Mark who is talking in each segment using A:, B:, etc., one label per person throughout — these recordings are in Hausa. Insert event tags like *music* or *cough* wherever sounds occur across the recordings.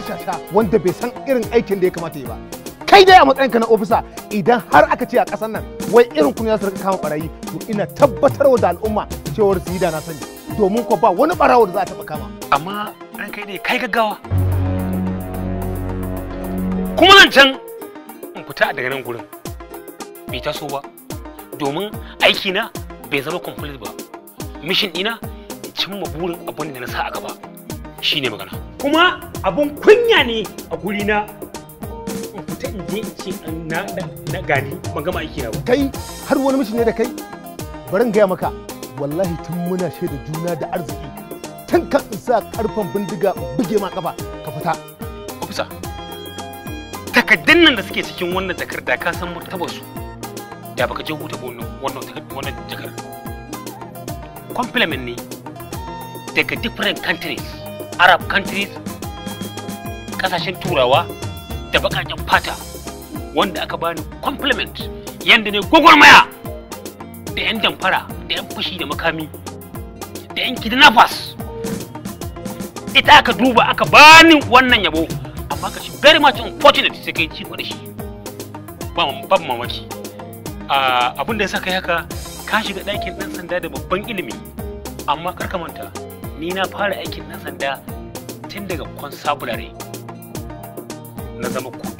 A: shashasha wanda bai san irin aikin da ya kamata yi ba kai dai a matsayinka na ofisa idan har aka ce a ƙasar nan wai irin kunya su kama barayi to ina tabbatar da al'umma cewar su yi da na sani domin ko ba wani barawo da za a taɓa kama
B: amma ran kai ne kai gaggawa
A: kuma nan can
B: in fita daga nan gurin bai taso ba domin aiki na bai zama complete ba mishin ina cimma burin abin da na sa a gaba shine magana kuma abun kunya ne a guri na fita in je ce na na gani ban gama aiki na ba
A: kai har wani mishi ne da kai bari in gaya maka wallahi tun muna shaida juna da arziki tun kan in sa karfan bindiga buge ma kafa ka fita
B: ofisa takaddun nan da suke cikin wannan takarda ka san martabar su da baka je huta wannan wannan takardar Complement ne daga different countries arab countries kasashen turawa da bakaken fata wanda aka bani compliment yadda ne gwagwarmaya da 'yan damfara da 'yan fushi da makami da 'yan kidnappers ita aka duba aka bani wannan yabo amma ka shi very much unfortunate sai kai ci da shi ban mamaki abin da ya saka haka ka shiga ɗakin ɗan sanda da babban ilimi amma karka manta ni na fara aikin na sanda tun daga constabulary na zama kudu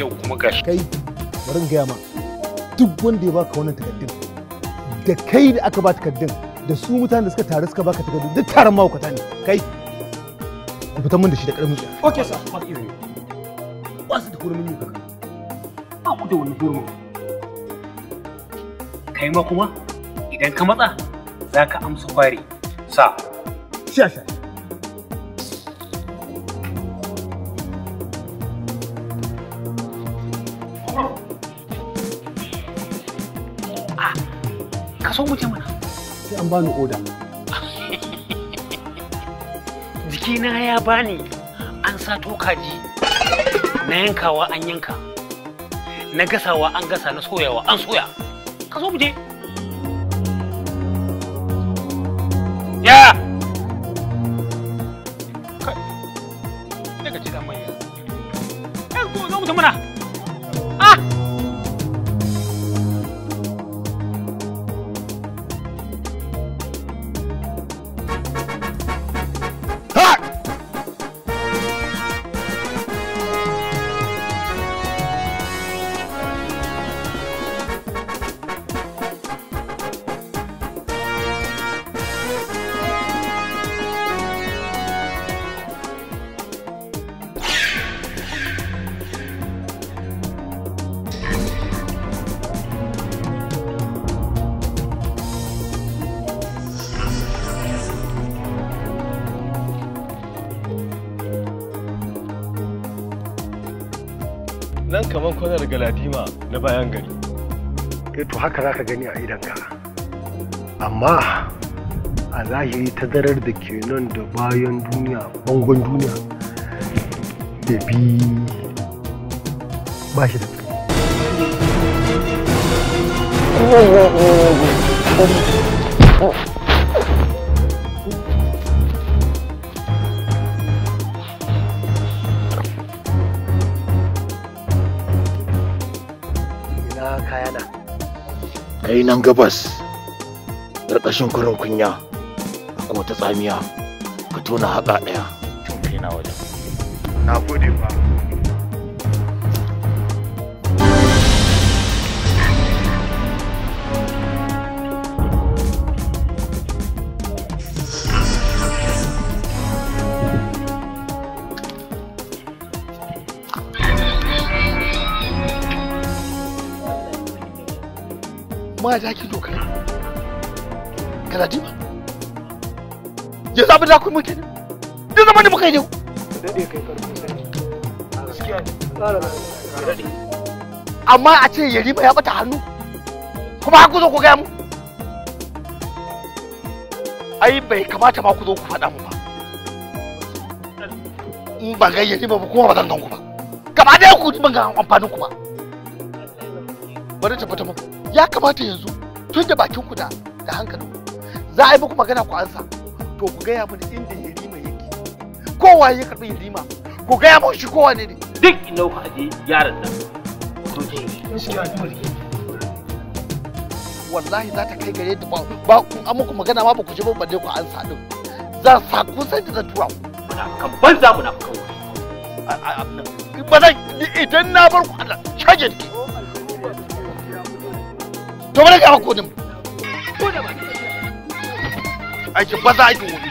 B: yau kuma gashi
A: kai bari gaya ma duk wanda ya baka wannan takaddun da kai da aka ba takaddun da su mutanen da suka taru suka baka takaddun duk taron mahaukata ne kai ku fitar min da shi da karamin zuciya
B: ok sir ba su da hurumin yin kaka ba ku da wani hurumin kai ma kuma idan ka matsa za ka amsa kware sa sha sha ah, ka so wuce mana sai an bani oda *laughs* jikina ya bani an sato kaji na yankawa an yanka na gasawa an gasa na soyawa an soya ka so mu je Ya! Kai, da manya. zo
A: nan kamar kwanar galadima na bayan gari eh to haka za ka gani a idanka amma a zahiri ta zarar da ke nan da bayan duniya bangon duniya da bi ba shi da
B: Oh, oh, oh, oh.
A: ina kayana kai nan gabas ƙarƙashin kurin kunya ko ta tsamiya ka tona haƙa ɗaya cin kai na wajen na gode ba amma ya ki dokar kana ji ba ya zabi da kuma kenan duk zaman da muka yi yau amma a ce ma ya bata hannu kuma har ku zo ku gaya mu ai bai kamata ma ku zo ku faɗa mu ba in ba gayyari ba kuma ba zan gan ku ba gaba ɗaya ku ban ga amfanin ku ba bari ta fita muku ya kamata yanzu tun da bakin ku da da hankalin ku za a yi muku magana ku ansa to ku gaya mini inda ya rima yake kowa ya karɓi rima ku gaya mun shi kowa ne ne duk ina ku aje yaran nan ku je wallahi za ta kai gare da ba ba ku an muku magana ma ba ku ji ba balle ku ansa din za sa ku sai da zatuwa ku muna kan banza muna kan ba zan idan na bar ku Allah shage dake to bari ka hako din aikin ba za aikin gobe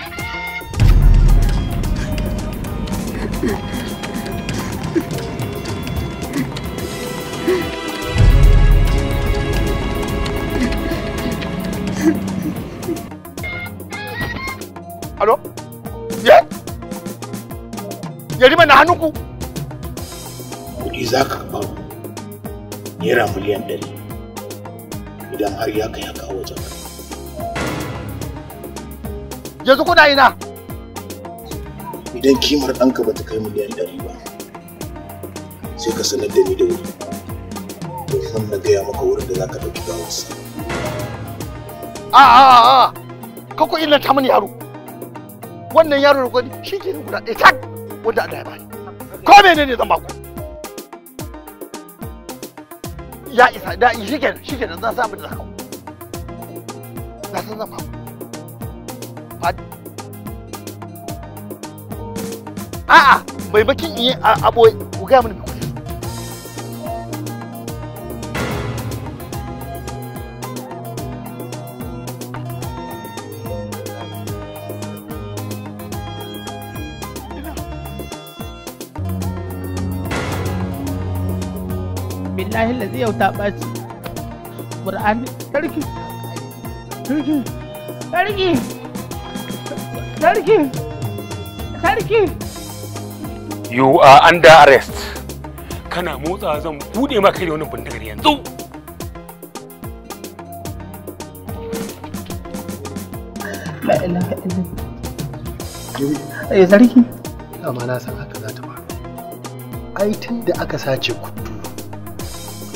A: Alo? Ye? Yarima na hannunku? Kuɗi za ka ba mu. Naira miliyan ɗari. idan har ya kai haka wajen yanzu kuna ina idan kimar ɗanka ba ta kai miliyan ɗari ba sai ka sanar da ni da wuri domin na gaya maka wurin da za ka ɗauki gawarsa a a a ka ku illata mini yaro wannan yaro da gwani shi ke guda ɗaya tak wanda a ya bani ko menene zan baku ya isa da shi kenan shi kenan zan samu da kawo na san zan famu a'a bai bakin yi a aboye ku gaya mini yanzu yau ta ɓaci ƙur'ani sarki sarki sarki sarki sarki
B: you are under arrest kana motsa zan buɗe maka da wani bindigar yanzu
A: la ilaha eh, sarki amma na san haka za ta faru ai tun da aka sace ku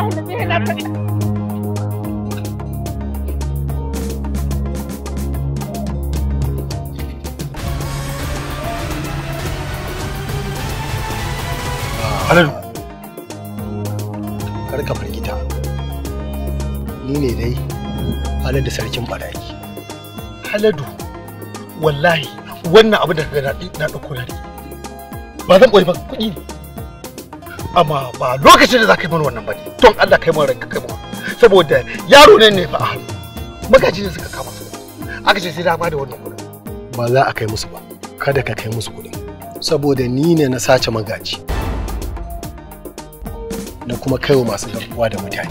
A: da dai Haladu sarkin baraki. Haladu, wallahi wannan abu da na ɗauko na ba zan ɓoye ba kuɗi ne. amma ba lokacin da za ka yi mana wannan ba ne don Allah kai mun ranka kai mun saboda yaro ne ne fa a hannu magaji ne suka kama su aka ce sai da wannan kuɗin ba za a kai musu ba kada ka kai musu kuɗin saboda ni ne na sace magaji na kuma kaiwa masu garkuwa da mutane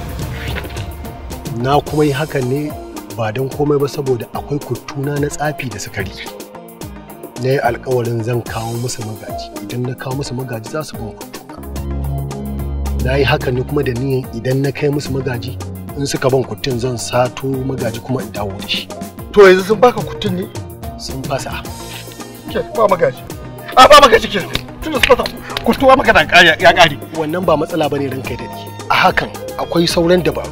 A: na kuma yi hakan ne ba don komai ba saboda akwai kutuna na tsafi da sukari na yi alkawarin zan kawo musu magaji idan na kawo musu magaji za su gunku na yi haka ne kuma da niyan idan na kai musu magaji in suka ban kutin zan sato magaji kuma in dawo da shi to yanzu sun baka kutin ne sun fasa ke ba magaji a ba magaji ke tun da su fasa kutuwa maka da ya kare wannan ba matsala bane ran da ni a hakan akwai sauran dabaru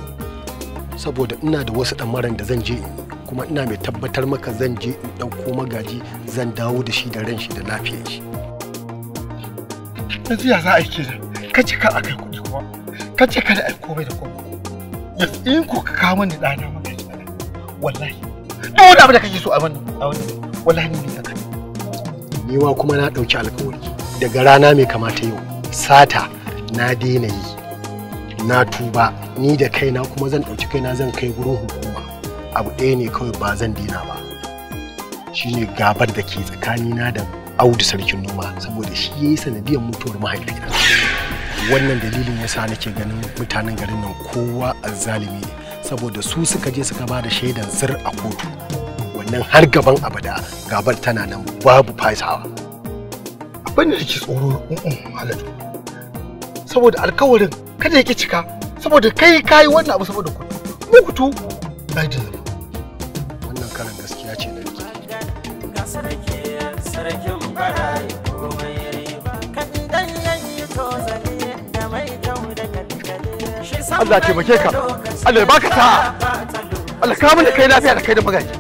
A: saboda ina da wasu maran da zan je kuma ina mai tabbatar maka zan je in ɗauko magaji zan dawo da shi da ran shi da lafiyar shi. Yanzu ya za a yi kenan, ka cika a kai kuɗi. ka ce kada da komai da komai ya in ko ka kawo mani ɗana maka shi wallahi duk wani abu da kake so a mani a wani wallahi ni ne ka ni ma kuma na ɗauki alkawari daga rana mai kamata yau sata na daina yi na tuba ni da kaina kuma zan ɗauki kaina zan kai wurin hukuma abu ɗaya ne kawai ba zan daina ba shine gabar da ke tsakanina da audu sarkin noma saboda shi ya yi sanadiyar mutuwar mahaifina wannan dalilin yasa nake ganin mutanen garin nan kowa zalimi ne saboda su suka je suka ba da shaidan zir a kotu wannan har gaban abada gabar tana nan babu fasawa abin da ke tsoro halatu saboda alkawarin kada yake cika saboda kai kayi wannan abu saboda kudu mu kutu na zama
B: wannan karan gaskiya ce da sarki mu. bara
A: Allah taimake ka Allah ya baka ta Allah ka mun da kai lafiya da kai da magaji